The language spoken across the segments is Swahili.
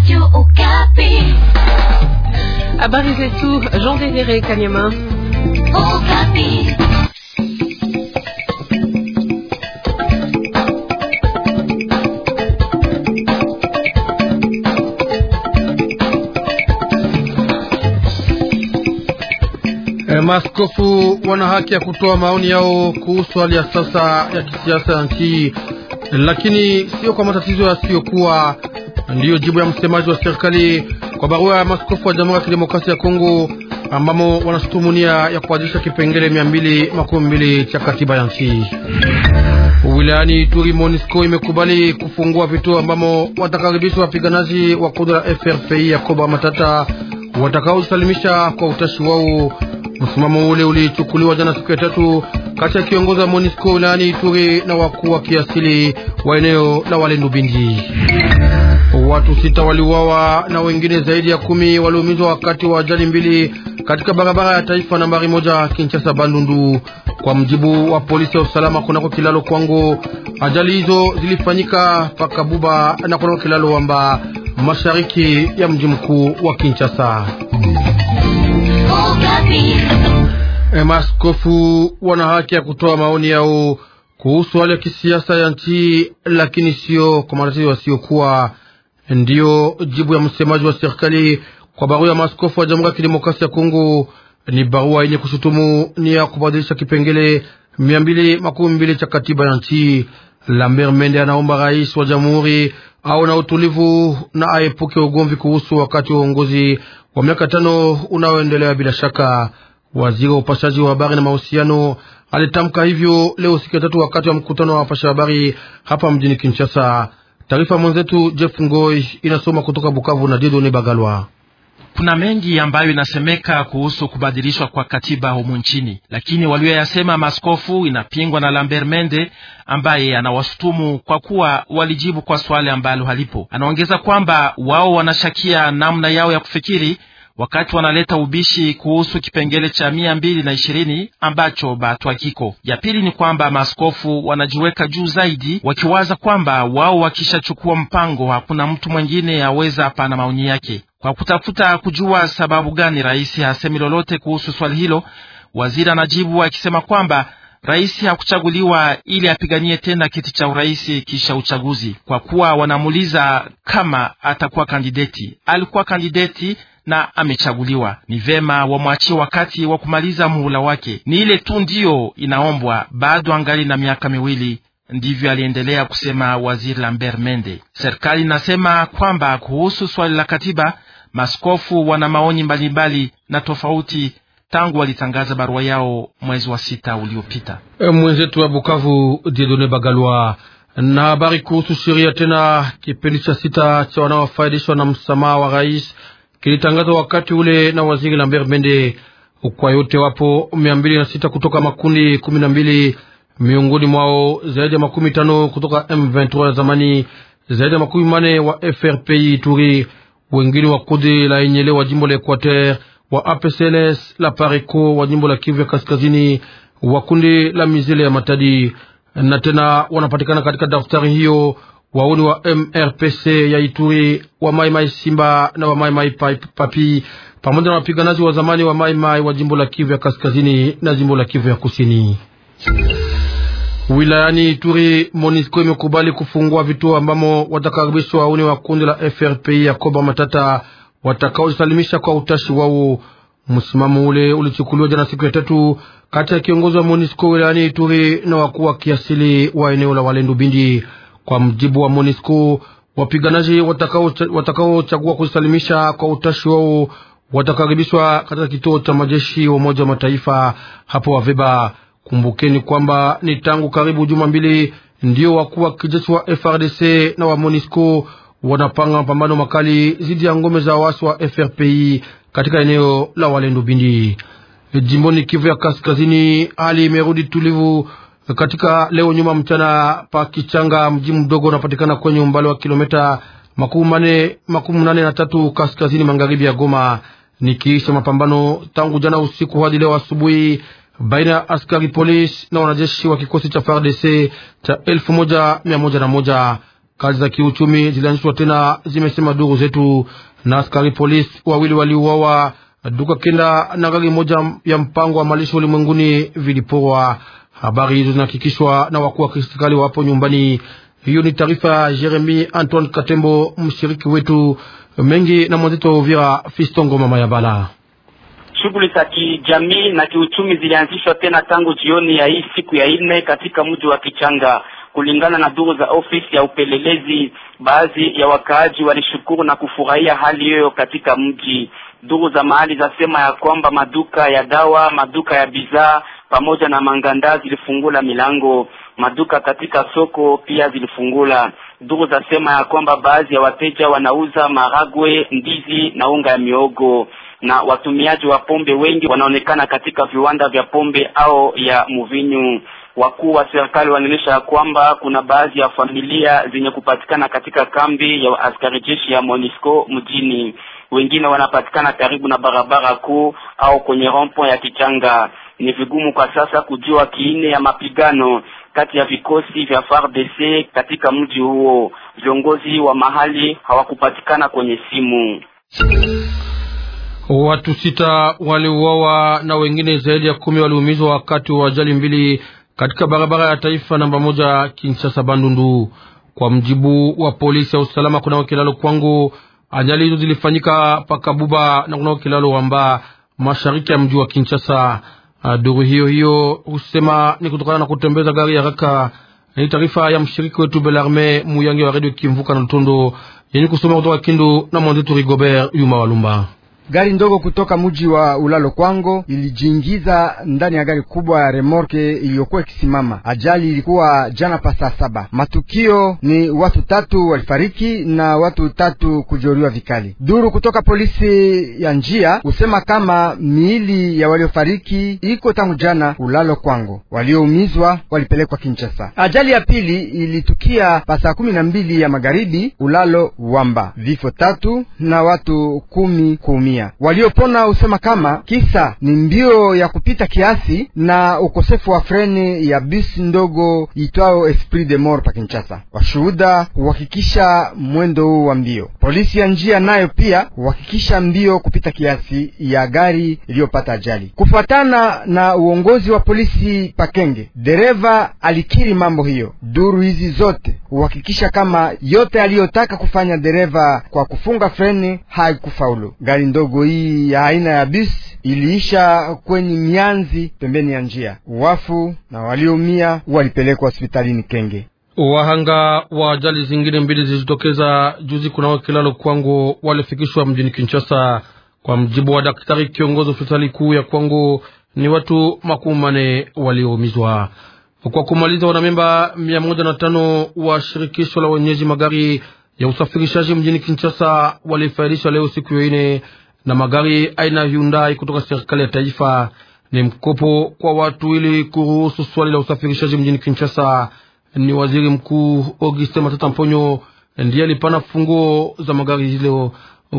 Radio Okapi. Habari zetu, Jean Désiré Kanyama. Okapi. Eh, Maskofu wana haki ya kutoa maoni yao kuhusu hali ya sasa ya kisiasa ya nchi, lakini sio kwa matatizo yasiyokuwa Ndiyo jibu ya msemaji wa serikali kwa barua ya maskofu wa Jamhuri ya Kidemokrasia ya Kongo ambamo wanashutumu nia ya kubadilisha kipengele mia mbili makumi mbili cha katiba ya nchi. Wilayani Ituri, Monisco imekubali kufungua vituo ambamo watakaribishwa wapiganaji wa kundi la FRPI ya Koba Matata watakaosalimisha kwa utashi wao. Msimamo ule ulichukuliwa jana siku ya tatu kati ya kiongozi wa Monisco wilayani Ituri na wakuu wa kiasili wa eneo la Walendu Bindi. Watu sita waliuawa na wengine zaidi ya kumi waliumizwa wakati wa ajali mbili katika barabara ya taifa nambari moja Kinshasa Bandundu, kwa mjibu wa polisi ya usalama kunako kilalo Kwango. Ajali hizo zilifanyika pakabuba na kunako kilalo Wamba, mashariki ya mji mkuu wa Kinshasa. E, eh, maskofu wana haki ya kutoa maoni yao kuhusu hali ya kisiasa ya nchi, lakini sio kwa matatizo yasiyokuwa Ndiyo jibu ya msemaji wa serikali kwa barua ya maaskofu wa Jamhuri ya Kidemokrasia ya Kongo. Ni barua yenye kushutumu ni ya kubadilisha kipengele mia mbili makumi mbili cha katiba ya nchi. Lambert Mende anaomba rais wa jamhuri au na utulivu na aepuke ugomvi kuhusu wakati wa uongozi wa miaka tano unaoendelea. Bila shaka, waziri wa upashaji wa habari na mahusiano alitamka hivyo leo siku ya tatu wakati wa mkutano wa wapasha habari hapa mjini Kinshasa. Taarifa mwenzetu Jeff Ngoi inasoma kutoka Bukavu na Didoni Bagalwa. Kuna mengi ambayo inasemeka kuhusu kubadilishwa kwa katiba humu nchini, lakini walioyasema maskofu inapingwa na Lambert Mende ambaye anawashutumu kwa kuwa walijibu kwa swali ambalo halipo. Anaongeza kwamba wao wanashakia namna yao ya kufikiri wakati wanaleta ubishi kuhusu kipengele cha mia mbili na ishirini ambacho batu kiko. Ya pili ni kwamba maaskofu wanajiweka juu zaidi, wakiwaza kwamba wao wakishachukua mpango hakuna mtu mwengine aweza pana maoni yake. Kwa kutafuta kujua sababu gani rais hasemi lolote kuhusu swali hilo, waziri anajibu akisema kwamba rais hakuchaguliwa ili apiganie tena kiti cha urais kisha uchaguzi, kwa kuwa wanamuuliza kama atakuwa kandideti. Alikuwa kandideti na amechaguliwa, ni vema wamwachie wakati wa kumaliza muhula wake. Ni ile tu ndiyo inaombwa, bado angali na miaka miwili. Ndivyo aliendelea kusema waziri Lambert Mende. Serikali inasema kwamba kuhusu swali la katiba, maskofu wana maoni mbalimbali na tofauti tangu walitangaza barua yao mwezi wa sita uliopita. E, mwenzetu wa Bukavu, Diedone Bagalwa. Na habari kuhusu sheria tena, kipindi cha sita cha wanaofaidishwa na msamaha wa rais kilitangazwa wakati ule na waziri Lambert Mende. Kwa yote wapo mia mbili na sita kutoka makundi kumi na mbili, miongoni mwao zaidi ya makumi tano kutoka M23 ya zamani, zaidi ya makumi mane wa FRPI turi wengine wa kundi la Enyele wa jimbo la Equateur, wa APCLS la Pareco wa jimbo la Kivu ya Kaskazini, wa kundi la Mizile ya Matadi na tena wanapatikana katika daftari hiyo wauni wa MRPC ya Ituri, wa Mai Mai Simba na wa Mai Mai Papi pamoja na wapiganaji wa zamani wa Mai Mai wa jimbo la Kivu ya kaskazini na jimbo la Kivu ya kusini. Wilayani Ituri, Monisco imekubali kufungua vituo ambamo watakaribishwa wauni wa kundi la FRPI ya Koba Matata watakaojisalimisha kwa utashi wao. Msimamo ule ulichukuliwa jana siku ya tatu kati ya kiongozi wa Monisco wilayani Ituri na wakuu wa kiasili wa eneo la Walendu Bindi. Kwa mjibu wa MONUSCO, wapiganaji watakaochagua kujisalimisha kwa utashi wao watakaribishwa katika kituo cha majeshi wa Umoja wa Mataifa hapo waveba Kumbukeni kwamba ni tangu karibu juma mbili ndio wakuu wa kijeshi wa FRDC na wa MONUSCO wanapanga mapambano makali dhidi ya ngome za waasi wa FRPI katika eneo la Walendu Bindi, jimboni Kivu ya Kaskazini. Hali imerudi tulivu katika leo nyuma mchana pa Kichanga, mji mdogo unapatikana kwenye umbali wa kilomita makumi nane na tatu kaskazini magharibi ya Goma, nikiisha mapambano tangu jana usiku hadi leo asubuhi baina ya askari polisi na wanajeshi wa kikosi cha FARDC cha elfu moja mia moja na moja. Kazi za kiuchumi zilianzishwa tena, zimesema duru zetu, na askari polisi wawili waliuawa, duka kenda na gari moja ya mpango wa malisho ulimwenguni viliporwa. Habari hizo zinahakikishwa na wakuu wa serikali wapo nyumbani. Hiyo ni taarifa Jeremi Antoine Katembo, mshiriki wetu mengi na mwenzetu wa Uvira Fistongo mama ya Bala. Shughuli za kijamii na kiuchumi zilianzishwa tena tangu jioni ya hii siku ya nne katika mji wa Kichanga. Kulingana na duru za ofisi ya upelelezi, baadhi ya wakaaji walishukuru na kufurahia hali hiyo katika mji. Duru za mahali zasema ya kwamba maduka ya dawa, maduka ya bidhaa pamoja na manganda zilifungula milango, maduka katika soko pia zilifungula. Duru sema ya kwamba baadhi ya wateja wanauza maragwe, ndizi na unga ya miogo, na watumiaji wa pombe wengi wanaonekana katika viwanda vya pombe au ya muvinyu. Wakuu wa serikali wanaonyesha kwamba kuna baadhi ya familia zenye kupatikana katika kambi ya askari jeshi ya MONUSCO mjini, wengine wanapatikana karibu na barabara kuu au kwenye rompo ya Kichanga ni vigumu kwa sasa kujua kiini ya mapigano kati ya vikosi vya FARDC katika mji huo. Viongozi wa mahali hawakupatikana kwenye simu. Watu sita waliuawa na wengine zaidi ya kumi waliumizwa wakati wa ajali mbili katika barabara ya taifa namba moja Kinshasa Bandundu. Kwa mjibu wa polisi ya usalama, kunao kilalo Kwangu, ajali hizo zilifanyika Pakabuba na kunao kilalo Wamba mashariki ya mji wa Kinshasa. Ah, Duru hiyo hiyo husema ni kutokana na kutembeza gari raka. Ni taarifa ya mshiriki wetu Belarme Muyange wa redio Kimvuka na Ntondo yenye kusoma kutoka Kindu na mwanzetu Rigobert Yuma Walumba. Gari ndogo kutoka mji wa Ulalo Kwango ilijiingiza ndani ya gari kubwa ya remorke iliyokuwa ikisimama. Ajali ilikuwa jana saa saba. Matukio ni watu tatu walifariki na watu tatu kujeruhiwa vikali. Duru kutoka polisi ya njia husema kama miili ya waliofariki iko tangu jana Ulalo Kwango, walioumizwa walipelekwa Kinshasa. Ajali ya pili ilitukia saa kumi na mbili ya magharibi Ulalo Wamba, vifo tatu na watu kumi kuumia dunia. Waliopona husema kama kisa ni mbio ya kupita kiasi na ukosefu wa freni ya bisi ndogo itwayo Esprit de Mort pa Kinshasa. Washuhuda huhakikisha mwendo huu wa mbio. Polisi ya njia nayo pia huhakikisha mbio kupita kiasi ya gari iliyopata ajali. Kufuatana na uongozi wa polisi Pakenge, dereva alikiri mambo hiyo. Duru hizi zote huhakikisha kama yote aliyotaka kufanya dereva kwa kufunga freni haikufaulu gari ndogo ndogo hii ya aina ya bis iliisha kwenye mianzi pembeni ya njia. Wafu na walioumia walipelekwa hospitalini Kenge. Wahanga wa ajali zingine mbili zilizotokeza juzi kunao kilalo Kwango walifikishwa mjini Kinshasa. Kwa mjibu wa daktari kiongozi hospitali kuu ya Kwango, ni watu makumi mane walioumizwa. Kwa kumaliza, wanamemba mia moja na tano wa shirikisho la wenyeji magari ya usafirishaji mjini Kinshasa walifaidisha leo siku yoine na magari aina Hyundai kutoka serikali ya taifa. Ni mkopo kwa watu ili kuruhusu swali la usafirishaji mjini Kinshasa. Ni waziri mkuu Auguste Matata Mponyo ndiye alipana funguo za magari hizo.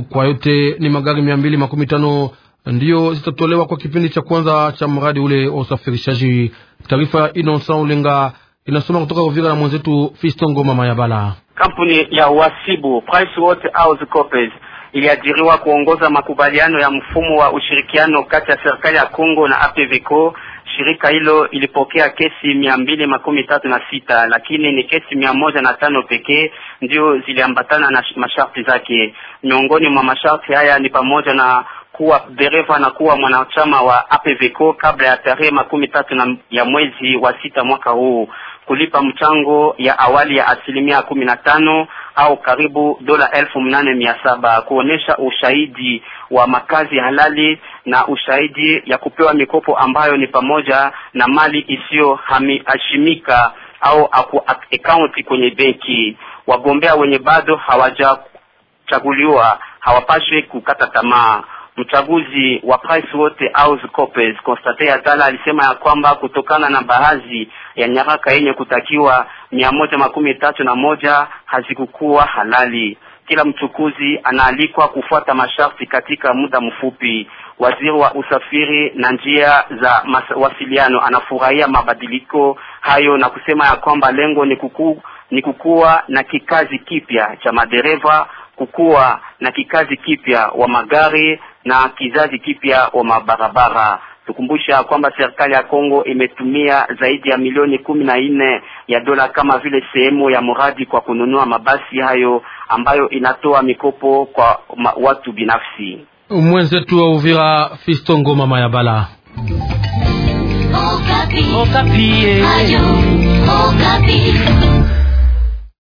Kwa yote ni magari mia mbili makumi tano ndiyo zitatolewa kwa kipindi cha kwanza cha mradi ule wa usafirishaji. Taarifa ya Inonsa Ulenga inasoma kutoka Uvira na mwenzetu Fistongo Mama Yabala. Kampuni ya wasibu Price Waterhouse Coopers iliajiriwa kuongoza makubaliano ya mfumo wa ushirikiano kati ya serikali ya Kongo na APVCO. Shirika hilo ilipokea kesi mia mbili makumi tatu na sita lakini ni kesi mia moja na tano pekee ndio ziliambatana na masharti zake. Miongoni mwa masharti haya ni pamoja na kuwa dereva na kuwa mwanachama wa APVCO kabla ya tarehe makumi tatu na ya mwezi wa sita mwaka huu, kulipa mchango ya awali ya asilimia kumi na tano au karibu dola elfu mnane mia saba kuonyesha ushahidi wa makazi halali na ushahidi ya kupewa mikopo ambayo ni pamoja na mali isiyohamishimika au akaunti kwenye benki. Wagombea wenye bado hawajachaguliwa hawapaswi kukata tamaa. Mchaguzi wa Price Waterhouse Coopers Constantin Atala alisema ya kwamba kutokana na baadhi ya nyaraka yenye kutakiwa mia moja makumi tatu na moja hazikukuwa halali. Kila mchukuzi anaalikwa kufuata masharti katika muda mfupi. Waziri wa usafiri na njia za mawasiliano anafurahia mabadiliko hayo na kusema ya kwamba lengo ni kuku, ni kukuwa na kikazi kipya cha madereva, kukuwa na kikazi kipya wa magari na kizazi kipya wa mabarabara. Tukumbusha kwamba serikali ya Kongo imetumia zaidi ya milioni kumi na nne ya dola kama vile sehemu ya mradi kwa kununua mabasi hayo ambayo inatoa mikopo kwa watu binafsi. Mwenzetu wa Uvira Fisto Ngoma Mayabala. Okapi. Oh, Okapi. Oh, eh. Ayo, Okapi. Oh,